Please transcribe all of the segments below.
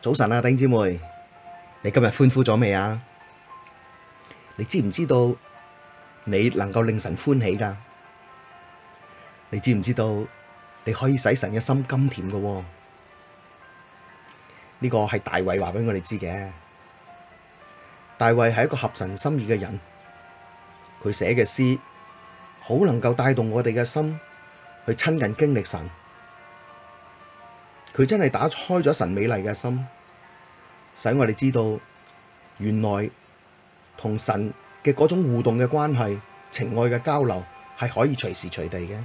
早晨啊，丁姊妹，你今日歡呼咗未啊？你知唔知道你能夠令神歡喜噶？你知唔知道你可以使神嘅心甘甜噶？呢個係大衛話畀我哋知嘅。大衛係一個合神心意嘅人，佢寫嘅詩好能夠帶動我哋嘅心去親近經歷神。佢真係打開咗神美麗嘅心，使我哋知道原來同神嘅嗰種互動嘅關係，情愛嘅交流係可以隨時隨地嘅，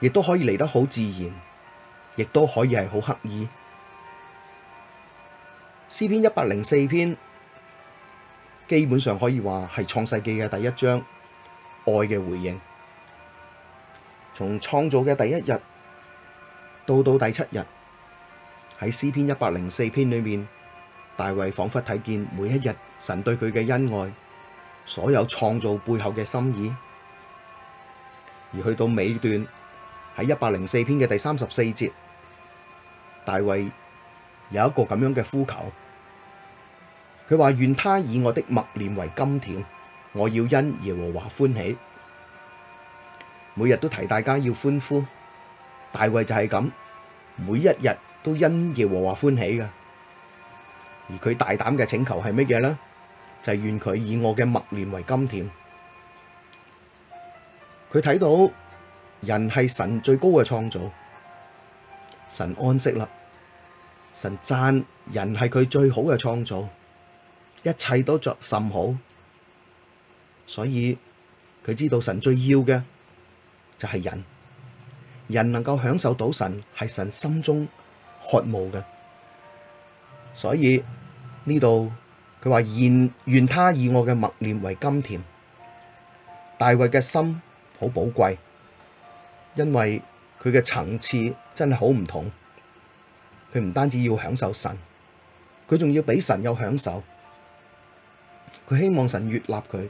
亦都可以嚟得好自然，亦都可以係好刻意。詩篇一百零四篇基本上可以話係創世記嘅第一章，愛嘅回應，從創造嘅第一日。到到第七日喺詩篇一百零四篇裏面，大衛仿佛睇見每一日神對佢嘅恩愛，所有創造背後嘅心意。而去到尾段喺一百零四篇嘅第三十四節，大衛有一個咁樣嘅呼求，佢話，願他以我的默念為甘甜，我要因耶和華歡喜。每日都提大家要歡呼，大衛就係咁。每一日都因耶和華歡喜嘅，而佢大膽嘅請求係乜嘢呢？就係、是、願佢以我嘅默念為甘甜。佢睇到人係神最高嘅創造，神安息啦，神讚人係佢最好嘅創造，一切都作甚好，所以佢知道神最要嘅就係、是、人。人能夠享受到神，係神心中渴慕嘅，所以呢度佢話，願願他以我嘅默念為甘甜。大衛嘅心好寶貴，因為佢嘅層次真係好唔同。佢唔單止要享受神，佢仲要俾神有享受。佢希望神悅納佢，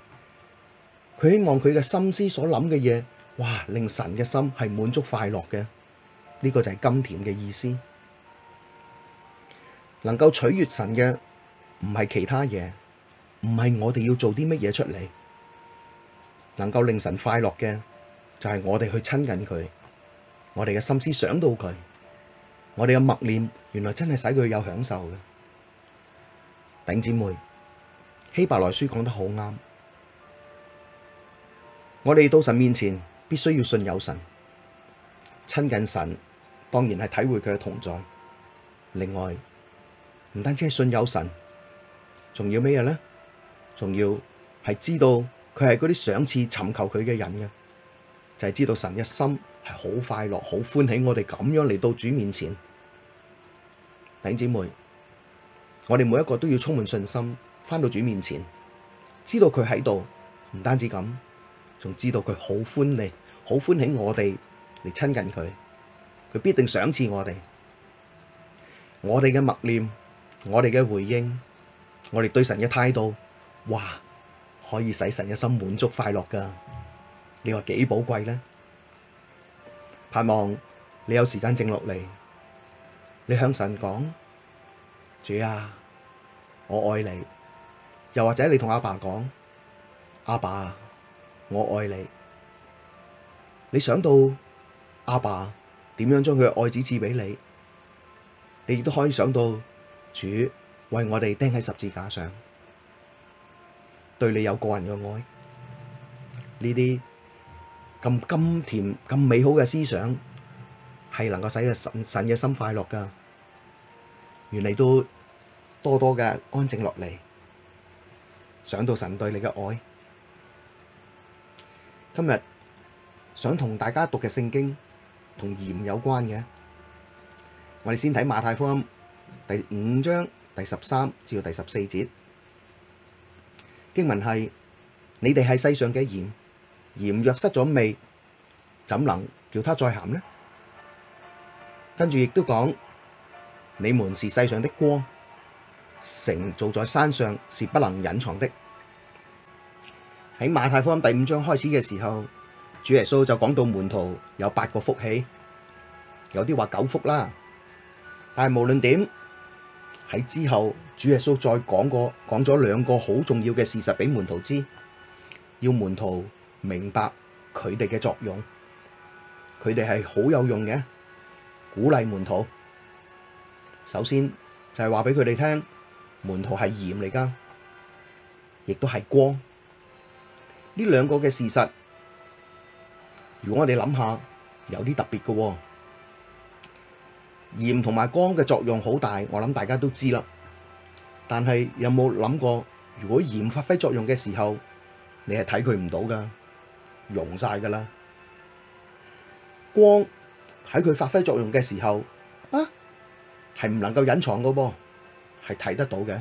佢希望佢嘅心思所諗嘅嘢，哇！令神嘅心係滿足快樂嘅，呢個就係甘甜嘅意思。能夠取悅神嘅唔係其他嘢，唔係我哋要做啲乜嘢出嚟，能夠令神快樂嘅就係我哋去親近佢，我哋嘅心思想到佢，我哋嘅默念原來真係使佢有享受嘅。頂姊妹，希伯來書講得好啱，我哋到神面前。必須要信有神，親近神，當然係體會佢嘅同在。另外，唔單止係信有神，仲要咩嘢呢？仲要係知道佢係嗰啲賞賜尋求佢嘅人嘅，就係、是、知道神一心係好快樂、好歡喜，我哋咁樣嚟到主面前。弟兄姊妹，我哋每一個都要充滿信心，返到主面前，知道佢喺度，唔單止咁。仲知道佢好歡喜，好歡喜我哋嚟親近佢，佢必定賞賜我哋。我哋嘅默念，我哋嘅回應，我哋對神嘅態度，哇，可以使神嘅心滿足快樂噶。你話幾寶貴呢？盼望你有時間靜落嚟，你向神講：主啊，我愛你。又或者你同阿爸講：阿爸。我愛你，你想到阿爸點樣將佢嘅愛子賜畀你，你亦都可以想到主為我哋釘喺十字架上，對你有個人嘅愛，呢啲咁甘甜咁美好嘅思想，係能夠使神神嘅心快樂噶，願你都多多嘅安靜落嚟，想到神對你嘅愛。今日想同大家讀嘅聖經同鹽有關嘅，我哋先睇馬太福音第五章第十三至到第十四節經文係：你哋係世上嘅鹽，鹽若失咗味，怎能叫他再鹹呢？跟住亦都講，你們是世上的光，城造在山上是不能隱藏的。喺馬太福音第五章開始嘅時候，主耶穌就講到門徒有八個福氣，有啲話九福啦。但係無論點，喺之後主耶穌再講過，講咗兩個好重要嘅事實俾門徒知，要門徒明白佢哋嘅作用，佢哋係好有用嘅。鼓勵門徒，首先就係話俾佢哋聽，門徒係鹽嚟㗎，亦都係光。呢兩個嘅事實，如果我哋諗下，有啲特別嘅喎。鹽同埋光嘅作用好大，我諗大家都知啦。但係有冇諗過，如果鹽發揮作用嘅時候，你係睇佢唔到㗎，溶晒㗎啦。光喺佢發揮作用嘅時候，啊，係唔能夠隱藏嘅噃，係睇得到嘅。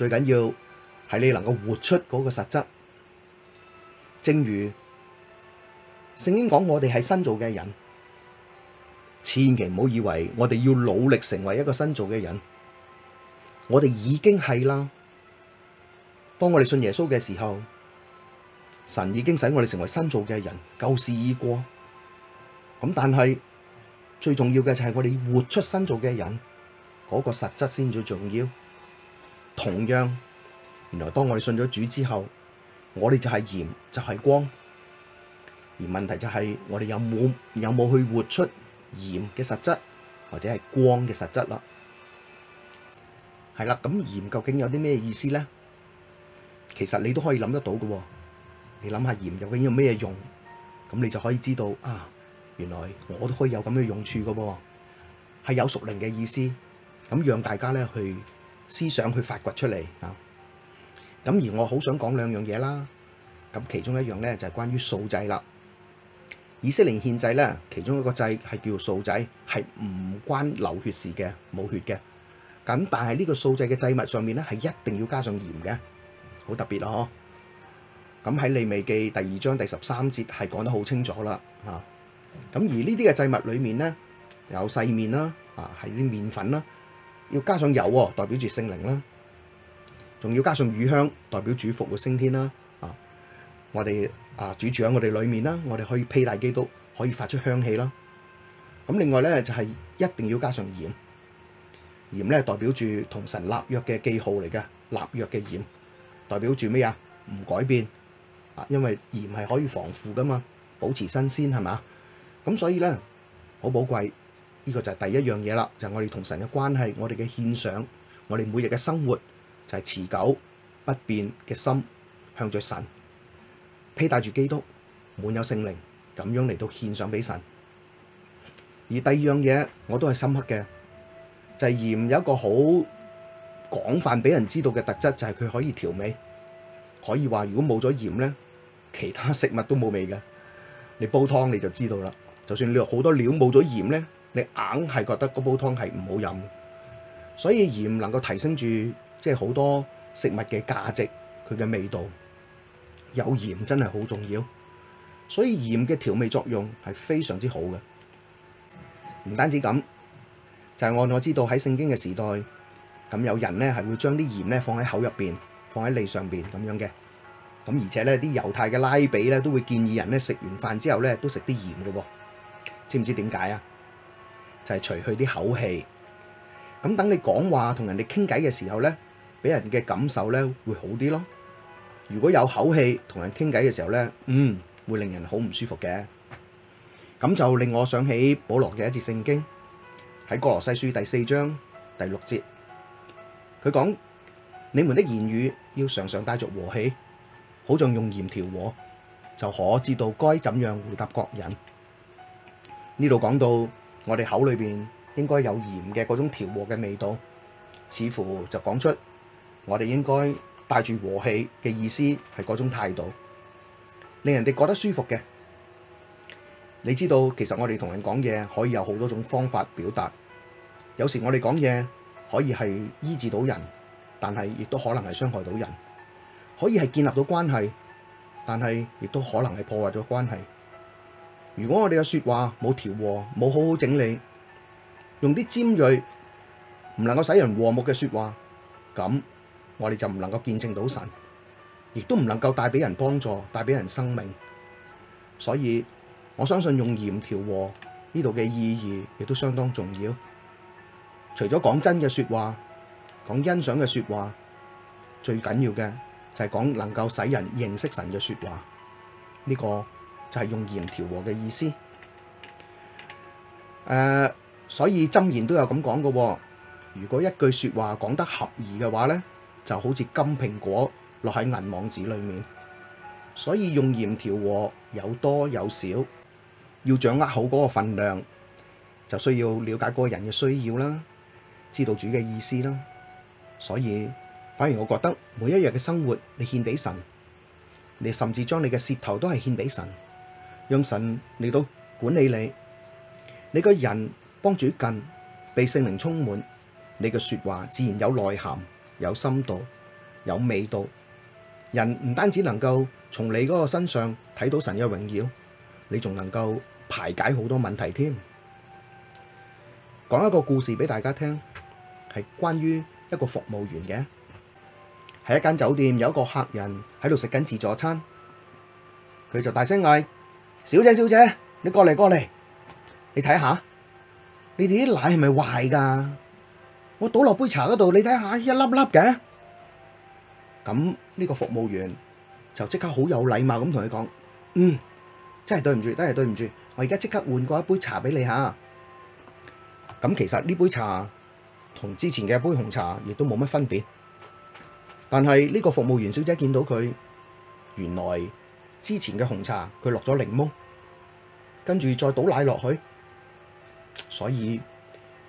最緊要係你能夠活出嗰個實質，正如聖經講，我哋係新造嘅人，千祈唔好以為我哋要努力成為一個新造嘅人，我哋已經係啦。當我哋信耶穌嘅時候，神已經使我哋成為新造嘅人，舊事已過。咁但係最重要嘅就係我哋活出新造嘅人嗰個實質先最重要。同樣，原來當我哋信咗主之後，我哋就係鹽就係、是、光，而問題就係、是、我哋有冇有冇去活出鹽嘅實質，或者係光嘅實質啦。係啦，咁鹽究竟有啲咩意思呢？其實你都可以諗得到嘅，你諗下鹽究竟有咩用，咁你就可以知道啊。原來我都可以有咁嘅用處嘅，係有屬靈嘅意思，咁讓大家咧去思想去發掘出嚟啊！咁而我好想講兩樣嘢啦。咁其中一樣咧就係、是、關於素祭啦。以色列靈獻祭咧，其中一個祭係叫素祭，係唔關流血事嘅，冇血嘅。咁但係呢個素祭嘅祭物上面咧係一定要加上鹽嘅，好特別咯、啊。咁、啊、喺、啊、利未記第二章第十三節係講得好清楚啦。吓、啊，咁而呢啲嘅祭物裏面咧有細麵啦，啊係啲麵粉啦。要加上油啊，代表住聖靈啦，仲要加上乳香，代表主復活升天啦。啊，我哋啊主住喺我哋裏面啦，我哋可以披戴基督，可以發出香氣啦。咁另外咧就係一定要加上鹽，鹽咧代表住同神立約嘅記號嚟嘅，立約嘅鹽代表住咩啊？唔改變啊，因為鹽係可以防腐噶嘛，保持新鮮係嘛。咁所以咧好寶貴。呢個就係第一樣嘢啦，就係我哋同神嘅關係，我哋嘅獻上，我哋每日嘅生活就係持久不變嘅心，向著神披戴住基督，滿有聖靈咁樣嚟到獻上俾神。而第二樣嘢我都係深刻嘅，就係鹽有一個好廣泛俾人知道嘅特質，就係佢可以調味，可以話如果冇咗鹽呢，其他食物都冇味嘅。你煲湯你就知道啦，就算你好多料冇咗鹽呢，你硬係覺得嗰煲湯係唔好飲，所以鹽能夠提升住即係好多食物嘅價值，佢嘅味道有鹽真係好重要，所以鹽嘅調味作用係非常之好嘅。唔單止咁，就按我知道喺聖經嘅時代，咁有人咧係會將啲鹽咧放喺口入邊，放喺脷上邊咁樣嘅。咁而且咧啲猶太嘅拉比咧都會建議人咧食完飯之後咧都食啲鹽嘅喎，知唔知點解啊？就係除去啲口氣，咁等你講話同人哋傾偈嘅時候呢，俾人嘅感受呢會好啲咯。如果有口氣同人傾偈嘅時候呢，嗯，會令人好唔舒服嘅。咁就令我想起保羅嘅一節聖經，喺歌羅西書第四章第六節，佢講，你們的言語要常常帶着和氣，好像用鹽調和，就可知道該怎樣回答各人。呢度講到。我哋口裏邊應該有鹽嘅嗰種調和嘅味道，似乎就講出我哋應該帶住和氣嘅意思，係嗰種態度，令人哋覺得舒服嘅。你知道，其實我哋同人講嘢可以有好多種方法表達，有時我哋講嘢可以係醫治到人，但係亦都可能係傷害到人，可以係建立到關係，但係亦都可能係破壞咗關係。如果我哋嘅說話冇調和，冇好好整理，用啲尖銳唔能夠使人和睦嘅說話，咁我哋就唔能夠見證到神，亦都唔能夠帶俾人幫助，帶俾人生命。所以我相信用鹽調和呢度嘅意義，亦都相當重要。除咗講真嘅說話，講欣賞嘅說話，最緊要嘅就係講能夠使人認識神嘅說話，呢個。就係用鹽調和嘅意思。誒、呃，所以箴言都有咁講嘅。如果一句説話講得合宜嘅話呢，就好似金蘋果落喺銀網子裏面。所以用鹽調和有多有少，要掌握好嗰個分量，就需要了解嗰個人嘅需要啦，知道主嘅意思啦。所以反而我覺得每一日嘅生活，你獻俾神，你甚至將你嘅舌頭都係獻俾神。讓神嚟到管理你，你個人幫主近，被聖靈充滿，你嘅說話自然有內涵、有深度、有味道。人唔單止能夠從你嗰個身上睇到神嘅榮耀，你仲能夠排解好多問題添。講一個故事俾大家聽，係關於一個服務員嘅，喺一間酒店有一個客人喺度食緊自助餐，佢就大聲嗌。小姐，小姐，你過嚟過嚟，你睇下，你哋啲奶係咪壞噶？我倒落杯茶嗰度，你睇下一粒粒嘅。咁呢個服務員就即刻好有禮貌咁同佢講：嗯，真係對唔住，真係對唔住，我而家即刻換過一杯茶俾你吓。咁其實呢杯茶同之前嘅一杯紅茶亦都冇乜分別，但係呢個服務員小姐見到佢，原來。之前嘅紅茶佢落咗檸檬，跟住再倒奶落去，所以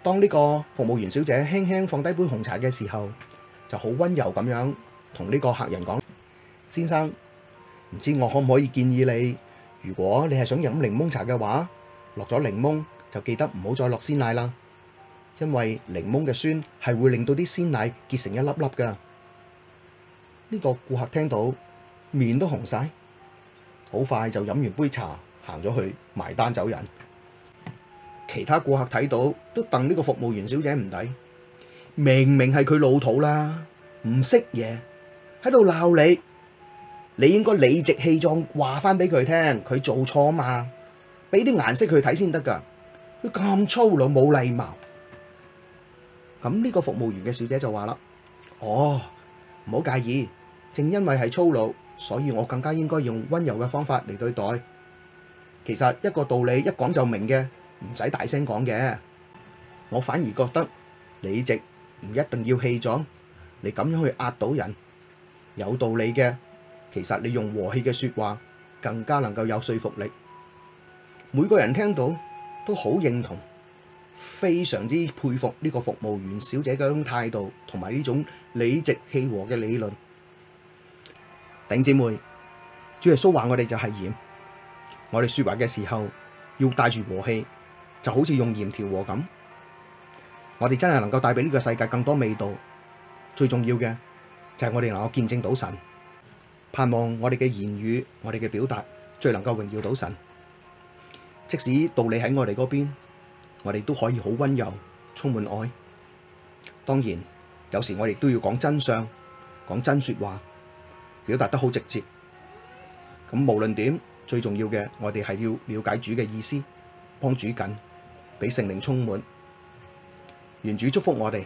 當呢個服務員小姐輕輕放低杯紅茶嘅時候，就好溫柔咁樣同呢個客人講：先生，唔知我可唔可以建議你，如果你係想飲檸檬茶嘅話，落咗檸檬就記得唔好再落鮮奶啦，因為檸檬嘅酸係會令到啲鮮奶結成一粒粒㗎。呢個顧客聽到面都紅晒。好快就飲完杯茶，行咗去埋單走人。其他顧客睇到都戥呢個服務員小姐唔抵，明明係佢老土啦，唔識嘢，喺度鬧你。你應該理直氣壯話翻俾佢聽，佢做錯啊嘛，俾啲顏色佢睇先得㗎。佢咁粗魯，冇禮貌。咁呢個服務員嘅小姐就話啦：哦，唔好介意，正因為係粗魯。所以我更加應該用温柔嘅方法嚟對待。其實一個道理一講就明嘅，唔使大聲講嘅。我反而覺得理直唔一定要氣壯，你咁樣去壓倒人有道理嘅。其實你用和氣嘅説話更加能夠有說服力。每個人聽到都好認同，非常之佩服呢個服務員小姐嘅種態度同埋呢種理直氣和嘅理論。頂姐妹，主耶穌話我哋就係鹽，我哋說話嘅時候要帶住和氣，就好似用鹽調和咁。我哋真係能夠帶俾呢個世界更多味道。最重要嘅就係我哋能夠見證到神，盼望我哋嘅言語、我哋嘅表達最能夠榮耀到神。即使道理喺我哋嗰邊，我哋都可以好温柔，充滿愛。當然，有時我哋都要講真相，講真說話。表達得好直接，咁無論點，最重要嘅，我哋係要了解主嘅意思，幫主緊，畀聖靈充滿，願主祝福我哋。